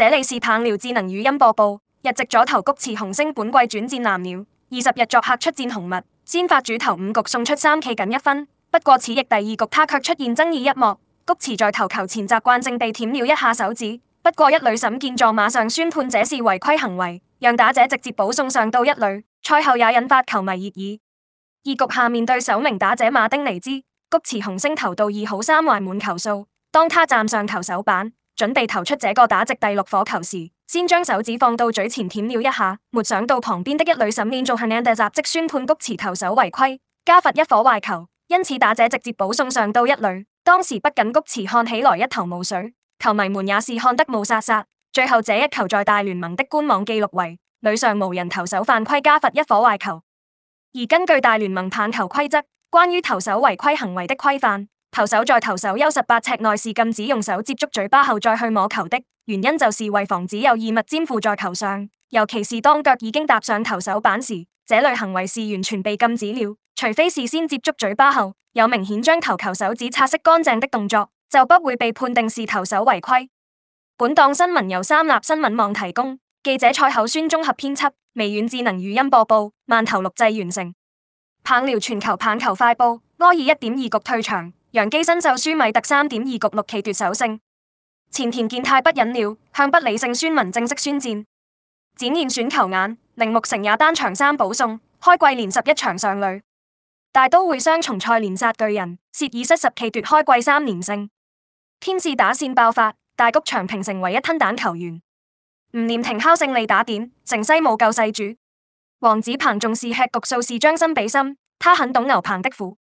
這裏是棒鳥智能語音播報。日籍左投菊池雄星本季轉戰藍鳥，二十日作客出戰紅襪，先發主投五局送出三 K 僅一分。不過此役第二局他卻出現爭議一幕，菊池在投球前習慣性地舔了一下手指。不過一壘審見狀馬上宣判這是違規行為，讓打者直接保送上到一壘。賽後也引發球迷熱議。二局下面對首名打者馬丁尼茲，菊池雄星投到二好三壞滿球數，當他站上投手板。準備投出這個打席第六顆球時，先將手指放到嘴前舔了一下，沒想到旁邊的一壘審念仲很靚，立即宣判菊池投手違規，加罰一顆壞球，因此打者直接保送上到一壘。當時不僅菊池看起來一頭霧水，球迷們也是看得霧煞煞。最後這一球在大聯盟的官網記錄為：壘上無人，投手犯規，加罰一顆壞球。而根據大聯盟棒球規則關於投手違規行為的規範。投手在投手丘十八尺內是禁止用手接觸嘴巴後再去摸球的，原因就是為防止有異物粘附在球上，尤其是當腳已經搭上投手板時，這類行為是完全被禁止了。除非事先接觸嘴巴後有明顯將投球手指擦拭乾淨的動作，就不會被判定是投手違規。本檔新聞由三立新聞網提供，記者蔡口宣綜合編輯，微軟智能語音播報，慢頭錄製完成。棒聊全球棒球快報，柯爾一點二局退場。楊基新秀舒米特三點二局六期奪首勝，前田健太不忍了，向不理性酸民正式宣戰。展現選球眼，鈴木誠也單場三保送，開季連十一場上壘。大都會雙重賽連殺巨人，涉爾西十期奪開季三連勝。天使打線爆發，大谷翔平成唯一吞蛋球員。吳念庭敲勝利打點，成西武救世主。黃子鵬重視吃局數，是將心比心，他很懂牛棚的苦。